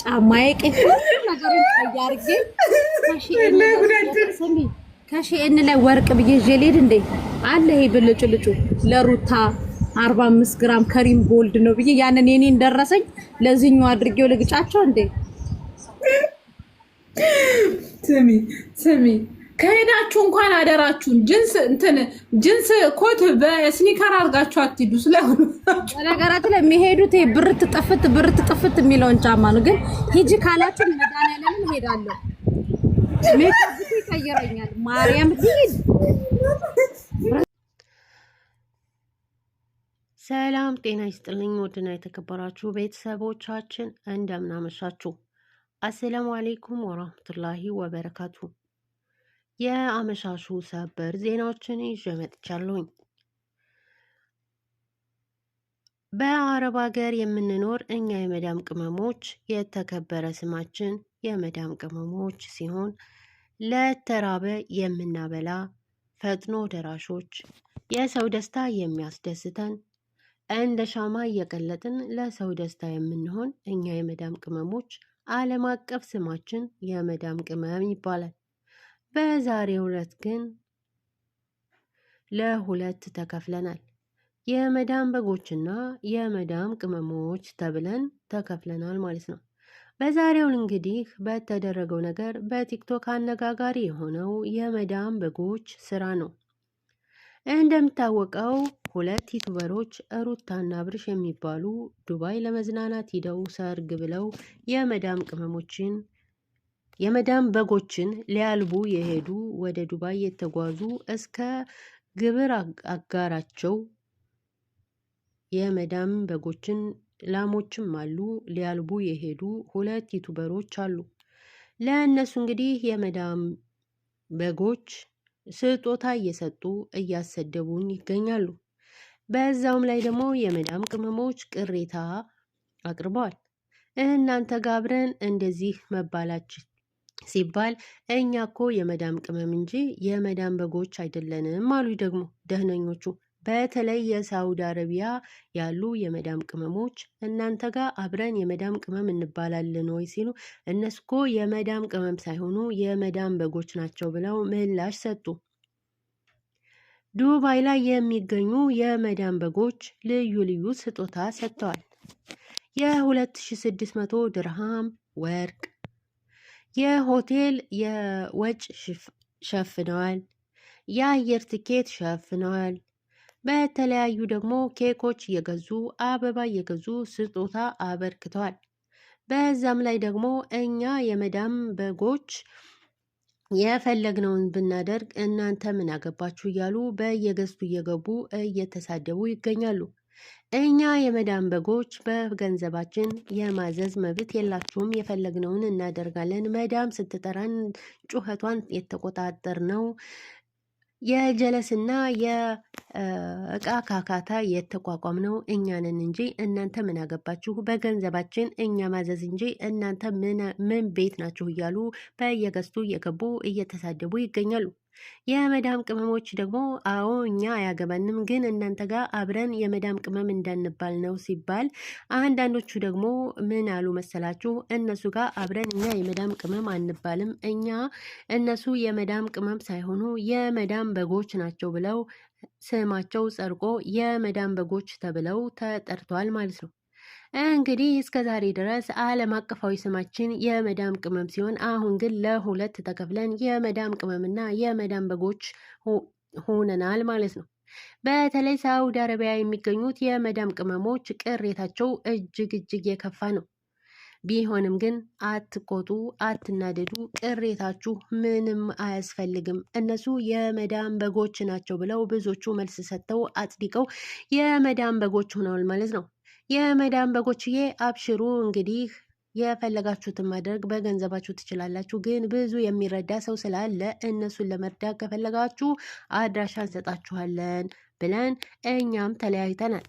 ጫማዬ ቅፍ ነገሩን ከሺኤን ላይ ወርቅ ብዬ ጀሌድ እንዴ አለ ይሄ ልጩ ለሩታ 45 ግራም ከሪም ጎልድ ነው ብዬ ያንን የኔን ደረሰኝ ለዚህኛው አድርጌው ልግጫቸው እንዴ ስሚ ስሚ ከሄዳችሁ እንኳን አደራችሁን ጅንስ እንትን ጅንስ ኮት በስኒከር አድርጋችሁ አትሂዱ። ስለሆኑ በነገራችን ላይ የሚሄዱት ብርት ጥፍት ብርት ጥፍት የሚለውን ጫማ ነው። ግን ሂጂ ካላችሁ መድኃኒዓለም እሄዳለሁ። ሜካፕ ይቀይረኛል። ማርያም ትሄድ። ሰላም ጤና ይስጥልኝ። ውድና የተከበራችሁ ቤተሰቦቻችን እንደምናመሻችሁ። አሰላሙ አሌይኩም ወራህመቱላሂ ወበረካቱ የአመሻሹ ሰበር ዜናዎችን ይዤ መጥቻለሁኝ። በአረብ ሀገር የምንኖር እኛ የመዳም ቅመሞች የተከበረ ስማችን የመዳም ቅመሞች ሲሆን ለተራበ የምናበላ ፈጥኖ ደራሾች፣ የሰው ደስታ የሚያስደስተን እንደ ሻማ እየቀለጥን ለሰው ደስታ የምንሆን እኛ የመዳም ቅመሞች ዓለም አቀፍ ስማችን የመዳም ቅመም ይባላል። በዛሬው ዕለት ግን ለሁለት ተከፍለናል። የመዳም በጎችና የመዳም ቅመሞች ተብለን ተከፍለናል ማለት ነው። በዛሬው እንግዲህ በተደረገው ነገር በቲክቶክ አነጋጋሪ የሆነው የመዳም በጎች ስራ ነው። እንደሚታወቀው ሁለት ዩቱበሮች ሩታና ብርሽ የሚባሉ ዱባይ ለመዝናናት ሂደው ሰርግ ብለው የመዳም ቅመሞችን የመዳም በጎችን ሊያልቡ የሄዱ ወደ ዱባይ የተጓዙ እስከ ግብር አጋራቸው የመዳም በጎችን ላሞችም አሉ ሊያልቡ የሄዱ ሁለት ዩቱበሮች አሉ። ለእነሱ እንግዲህ የመዳም በጎች ስጦታ እየሰጡ እያሰደቡን ይገኛሉ። በዛውም ላይ ደግሞ የመዳም ቅመሞች ቅሬታ አቅርበዋል። እናንተ ጋብረን እንደዚህ መባላችን ሲባል እኛ እኮ የመዳም ቅመም እንጂ የመዳም በጎች አይደለንም አሉ ደግሞ ደህነኞቹ። በተለይ የሳውዲ አረቢያ ያሉ የመዳም ቅመሞች እናንተ ጋር አብረን የመዳም ቅመም እንባላለን ወይ ሲሉ እነሱ እኮ የመዳም ቅመም ሳይሆኑ የመዳም በጎች ናቸው ብለው ምላሽ ሰጡ። ዱባይ ላይ የሚገኙ የመዳም በጎች ልዩ ልዩ ስጦታ ሰጥተዋል። የ2600 ድርሃም ወርቅ የሆቴል የወጭ ሸፍነዋል። የአየር ትኬት ሸፍነዋል። በተለያዩ ደግሞ ኬኮች እየገዙ አበባ እየገዙ ስጦታ አበርክተዋል። በዛም ላይ ደግሞ እኛ የመዳም በጎች የፈለግነውን ብናደርግ እናንተ ምን አገባችሁ እያሉ በየገዝቱ እየገቡ እየተሳደቡ ይገኛሉ። እኛ የመዳን በጎች በገንዘባችን የማዘዝ መብት የላችሁም። የፈለግነውን እናደርጋለን። መዳም ስትጠራን ጩኸቷን የተቆጣጠር ነው። የጀለስና የእቃ ካካታ የተቋቋም ነው እኛንን እንጂ እናንተ ምን አገባችሁ? በገንዘባችን እኛ ማዘዝ እንጂ እናንተ ምን ቤት ናችሁ? እያሉ በየገስቱ እየገቡ እየተሳደቡ ይገኛሉ። የመዳም ቅመሞች ደግሞ አዎ እኛ አያገባንም፣ ግን እናንተ ጋር አብረን የመዳም ቅመም እንዳንባል ነው ሲባል፣ አንዳንዶቹ ደግሞ ምን አሉ መሰላችሁ? እነሱ ጋር አብረን እኛ የመዳም ቅመም አንባልም፣ እኛ እነሱ የመዳም ቅመም ሳይሆኑ የመዳም በጎች ናቸው ብለው ስማቸው ጸድቆ የመዳም በጎች ተብለው ተጠርተዋል ማለት ነው። እንግዲህ እስከ ዛሬ ድረስ ዓለም አቀፋዊ ስማችን የመዳም ቅመም ሲሆን አሁን ግን ለሁለት ተከፍለን የመዳም ቅመምና የመዳም በጎች ሆነናል ማለት ነው። በተለይ ሳውዲ አረቢያ የሚገኙት የመዳም ቅመሞች ቅሬታቸው እጅግ እጅግ የከፋ ነው። ቢሆንም ግን አትቆጡ፣ አትናደዱ። ቅሬታችሁ ምንም አያስፈልግም፣ እነሱ የመዳም በጎች ናቸው ብለው ብዙዎቹ መልስ ሰጥተው አጽድቀው የመዳም በጎች ሆነዋል ማለት ነው። የመዳን በጎችዬ አብሽሩ እንግዲህ የፈለጋችሁትን ማድረግ በገንዘባችሁ ትችላላችሁ። ግን ብዙ የሚረዳ ሰው ስላለ እነሱን ለመርዳት ከፈለጋችሁ አድራሻ እንሰጣችኋለን ብለን እኛም ተለያይተናል።